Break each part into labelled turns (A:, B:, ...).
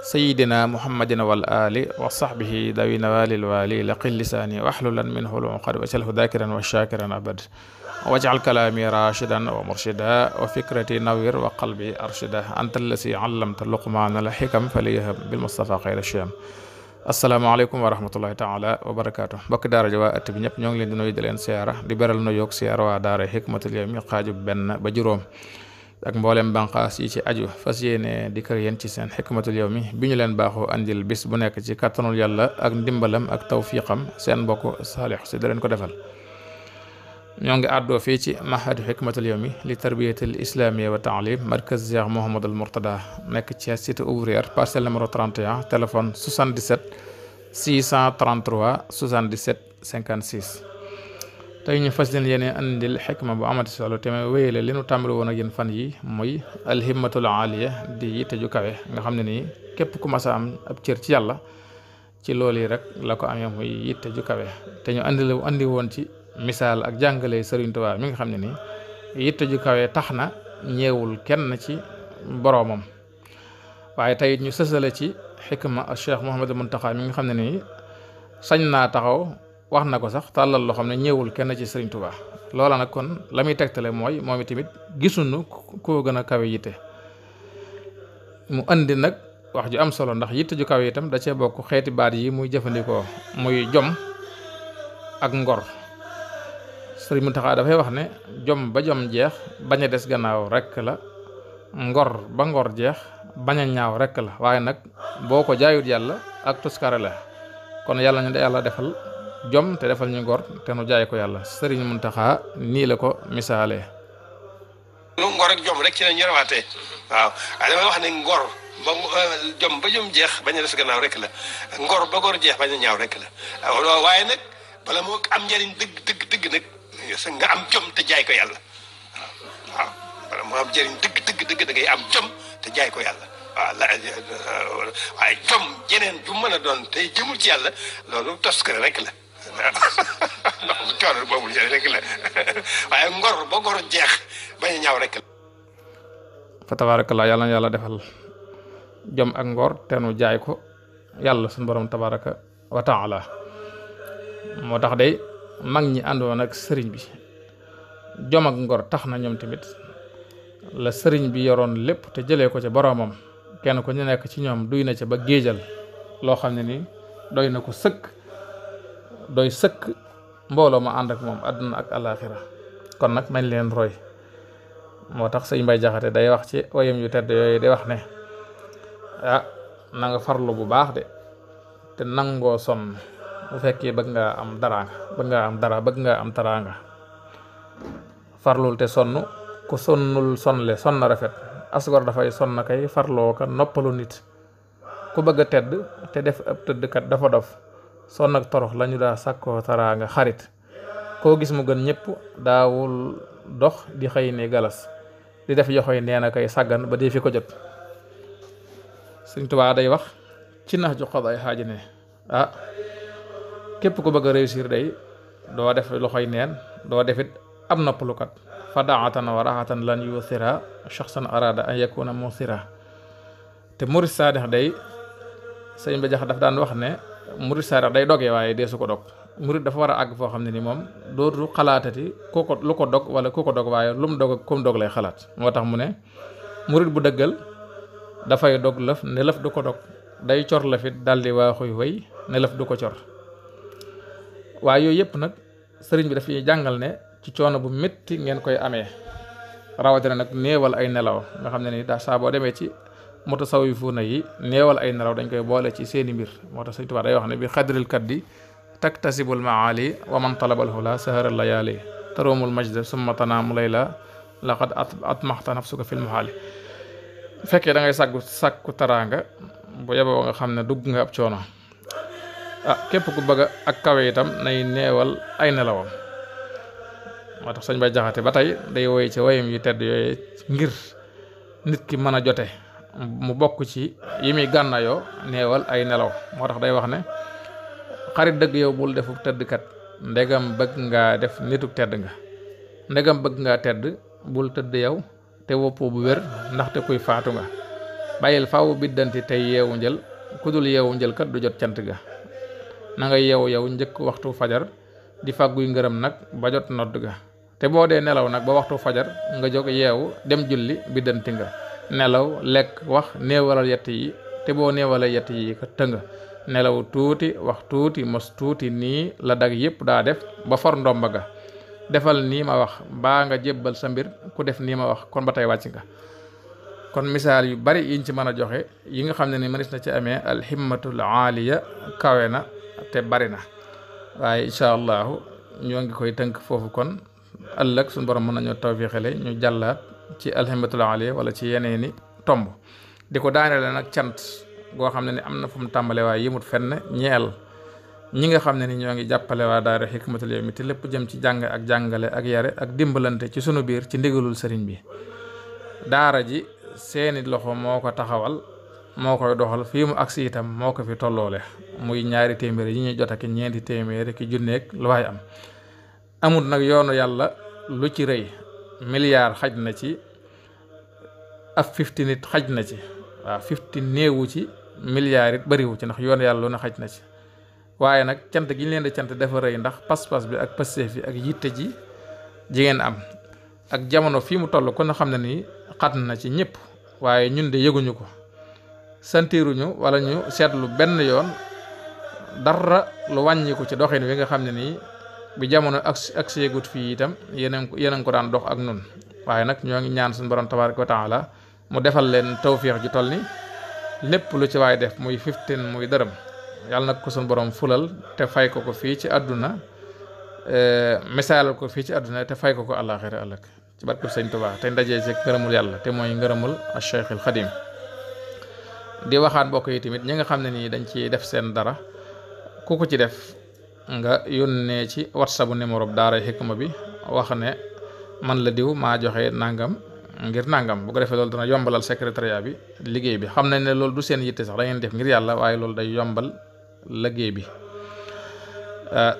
A: sayidina muhammadin wal ali wa sahbihi dawi nawalil wali laqil lisaani waxlulan minhu lumuqad waj'alhu dhakiran wa shakiran abad waj'al kalami rashidan wa murshida wa fikrati nawir wa qalbi arshida anta allasi allamta luqmaana al xikam faliyaham bil mustafa xayra shiyam asalaamaaleykum wa rahmatullahi taala wa barakaatu mbokki daara ja waa at bi ñëpp ñoo ngi leen di nuyu di leen siyaara di beral nuyoo ak siyaara waa daara xikmatul yawmi xaaju benn ba juróom ak mboolem banqaas yi ci aju fas yéene di kër yéen ci seen xikmatul mi bi ñu leen baaxoo andil bis bu nekk ci kàttanul yàlla ak ndimbalam ak tawfiqam seen mbokk saalix si da leen ko defal ñoo ngi àddoo fii ci mahadu xikmatul yawmi li tarbiyatil islamiyya wa taalim markaz Cheikh Mouhamadul Mourtada nekk ci cité ouvrière parcelle numéro 31 téléphone 77 633 77 56 tey ñu fas leen yéene andil xikma bu amati solo te may wéyale li nu tàmbali woon ak yéen fan yi muy alhimmatul aaliya di yitte ju kawe nga xam ne nii képp ku mas am ab cër ci yàlla ci lool yi rek la ko amee muy yitte ju kawe te ñu andi la andi woon ci misaal ak jàngale Sëriñ Tuubaa mi nga xam ne nii yitte ju kawe tax na ñeewul kenn ci boroomam waaye tey ñu sësale ci xikma Cheikh Mouhamadou Mountakha mi nga xam ne nii sañ naa taxaw. wax na ko sax tàllal loo xam ne ñëwul kenn ci Serigne Touba loola nag kon la muy tegtale mooy moom itamit gisuñu koo gën a kawe yitte mu indi nag wax ju am solo ndax yitte ju kawe itam da cee bokk xeeti baat yi muy jëfandikoo muy jom ak ngor Serigne Mountakha dafay wax ne jom ba jom jeex bañ des gannaaw rek la ngor ba ngor jeex bañ a ñaaw rek la waaye nag boo ko jaayut yàlla ak tuskare la kon yàlla ñu da yàlla defal. jom te defal ñu ngor te nu jaay ko yàlla sëriñ Muntaxa nii la ko misaale lu ngor ak jom rek ci la ñu waaw ah, wax ne ngor ba euh, jom ba jom jeex bañ a des gannaaw rek la ngor ba ngor jeex bañ ñaaw rek la ah, waaye nag bala moo am njariñ dëgg dëgg dëgg nag nga am jom te jaay ko yàlla waaw ah, bala dëgg dëgg dëgg am jom te jaay ko yàlla waaw euh, waaye jom jeneen ju mën a doon tey jëmul ci yàlla loolu tos rek la ndax waaye ngor ba ngor jeex bañ a ñaaw la. fa tabaarakallaa yàlla na yàlla defal jom ak ngor teenu jaay ko yàlla suñ boroom tabaaraka wa la moo tax day mag ñi àndoon ak sëriñ bi jom ak ngor tax na ñoom tamit la sëriñ bi yoroon lépp te jëlee ko ca boromam kenn ku ñu nekk ci ñoom duy na ca ba géejal loo xam ne ni doy na ko sëkk. doy sëkk mbooloo mu ànd ak moom àdduna ak alaaxira kon nag nañ leen roy moo tax sëñ Mbay Jaxate day wax ci wayam yu tedd yooyu day wax ne ah nanga farlu bu baax de te nangoo son bu fekkee bëgg ngaa am dara bëgg ngaa am dara bëgg ngaa am taraanga farlul te sonn ku sonnul sonle sonn rafet asgor dafay sonn kay farloo ka noppalu nit ku bëgg a tedd te def ab tëddkat dafa dof son ak torox lañu daa sàkkoo taraanga xarit koo gis mu gën ñëpp daawul dox di xëy ne galas di def yoxoy neen na koy sàggan ba dee fi ko jot Sëriñ Tuubaa day wax ci nax ju xod ay xaaji ne ah képp ku bëgg a réussir day doo def loxoy neen doo defit am ab noppalukat fa daatan wa raxatan lan yusira shaxsan arada an yakuna musira te murid saadix day sëñ ba jax daf daan wax ne murid sareex day dogee waaye dee su ko dog murid dafa war a àgg foo xam ne ni moom dootu xalaatati ku ko lu ko dog wala ku ko dog waaye lu mu dog ku mu dog lay xalaat moo tax mu ne murid bu dëggal dafay dog lëf ne lëf du ko dog day cor lëfit daldi waaxuy wëy ne lëf du ko cor waaye yooyu yëpp nag sëriñ bi dafay jàngal ne ci coono bu métti ngeen koy amee rawatina nag néewal ay nelaw nga xam ne ni daa saa demee ci mutasawifuuna yi neewal ay nelaw dañ koy boole ci seeni mbir moo tax Sëñ Tuubaa day wax ne bi xadril kaddi taktasibul maali wa man talabal hula sahara layaali taroomul majda summa tanaamu layla laqad atmaxta nafsuka fil maali fekkee da sàggu sàkku taraanga bu yeboo nga xam ne dugg nga ab coono ah képp ku bëgg ak kawe itam nay neewal ay nelawam moo tax sëñ bay jaxate ba tey day woy ci woyam yu tedd yooye ngir nit ki mën a jote mu bokk ci yi muy gànnaayoo neewal ay nelaw moo tax day wax ne xarit dëgg yow bul defu tëddkat ndegam bëgg ngaa def nituk tedd nga ndegam bëgg ngaa tedd bul tëdd yow te woppoo bu wér ndaxte kuy faatu nga bàyyil faaw biddanti tey yeewu njël kudul yeewu njëlkat du jot cant ga nanga nga yeewu yow njëkk waxtu fajar di fàgguy ngërëm nag ba jot nodd ga te boo dee nelaw nag ba waxtu fajar nga jóg yeewu dem julli biddanti nga nelaw lekk wax néewalal yett yi te boo néewalee yett yi ka tënga nelaw tuuti wax tuuti mos tuuti nii la dag yëpp daa def ba for ndomba ga defal nii ma wax baa nga jébbal sa mbir ku def nii ma wax kon ba tey wàcc nga kon misaal yu bari yiñ ci mën a joxe yi nga xam ne ni mënees na ci amee alhimmatul aaliya kawe na te bari na waaye incha allahu ñoo ngi koy tënk foofu kon ëllëg suñu borom mën nañoo tawfiixale ñu jàllaat ci alhimmatul aliya wala ci yeneeni tomb di ko daanele nag cant goo xam ne ni am na fu mu tàmbale waaye yëmut fenn ñeel ñi nga xam ne ni ñoo ngi jàppale waa daara xikmatul yawmi te lépp jëm ci jàng ak jàngale ak yare ak dimbalante ci sunu biir ci ndigalul sëriñ bi daara ji seeni loxo moo ko taxawal moo koy doxal fii mu agsi itam moo ko fi tolloole muy ñaari téeméeri yi ñuy jot ak ñeenti téeméeri ki junneeg lu waay am amul nag yoonu yàlla lu ci rëy milliard xaj na ci ab fifty nit xaj na ci waaw fifty néewu ci milliard it bariwu ci ndax yoon yàlla na xaj na ci waaye nag cant gi ñu leen di cant dafa rëy ndax pas-pas bi ak passeef yi ak yitte ji jigéen am ak jamono fii mu toll kon xam ne nii xat na ci ñëpp waaye ñun de yëguñu ko santiruñu wala ñu seetlu benn yoon dara lu wàññi ci doxin wi nga xam ne nii bi jamono ak ak seegut fii itam yeneen yeneen ko daan dox ak nun waaye nag ñoo ngi ñaan suñu borom tabaaraka wa taala mu defal leen tawfiix ju toll ni lépp lu ci waay def muy fifteen muy dërëm yàlla nag ko suñu borom fulal te fay ko ko fii ci àdduna e, misaalal ko fii ci àdduna te fay ko ko àllaaxira ëllëg ci barkeb sëñ Tuubaa te ndajee ci ngërëmul yàlla te mooy ngërëmul al Cheikhul Xadim di waxaat mbokk yi tamit ñi nga xam ne nii dañ ci def seen dara ku ci def nga yónnee ci whatsapp bu numéro bi daaray xikma bi wax ne man la diw maa joxe nangam ngir nangam bu ko defee loolu dana yombalal secrétariat bi liggéey bi xam nañ ne loolu du seen yitte sax da ngeen def ngir yàlla waaye loolu day yombal liggéey bi euh,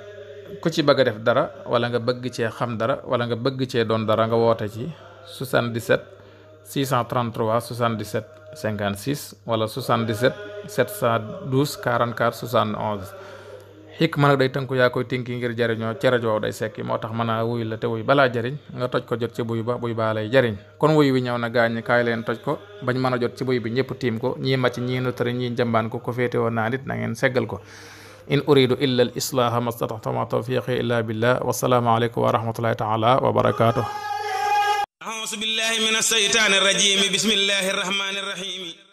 A: ku ci bëgg a def dara wala nga bëgg cee xam dara wala nga bëgg cee doon dara nga woote ci 77 633 77 56 wala 77 712 44 71. xik mën nag day tënku yaa koy tinki ngir jariñoo ca rajo day sekki moo tax mën a wuy la te wuy balaa jariñ nga toj ko jot ci buy ba buy baa lay jariñ kon wuy wi ñëw na gaañ kaay leen toj ko bañ mën a jot ci buy bi ñëpp tiim ko ñii màcc ñii notari ñii njambaan ko ko féete woon naa seggal ko in uridu illa al islaaha mastataxta ma tawfiqi illa billah wasalaamu aleykum wa rahmatullahi taala wa barakatuh ausu billahi min alsheytaani arrajim bismillahi arrahmani arrahim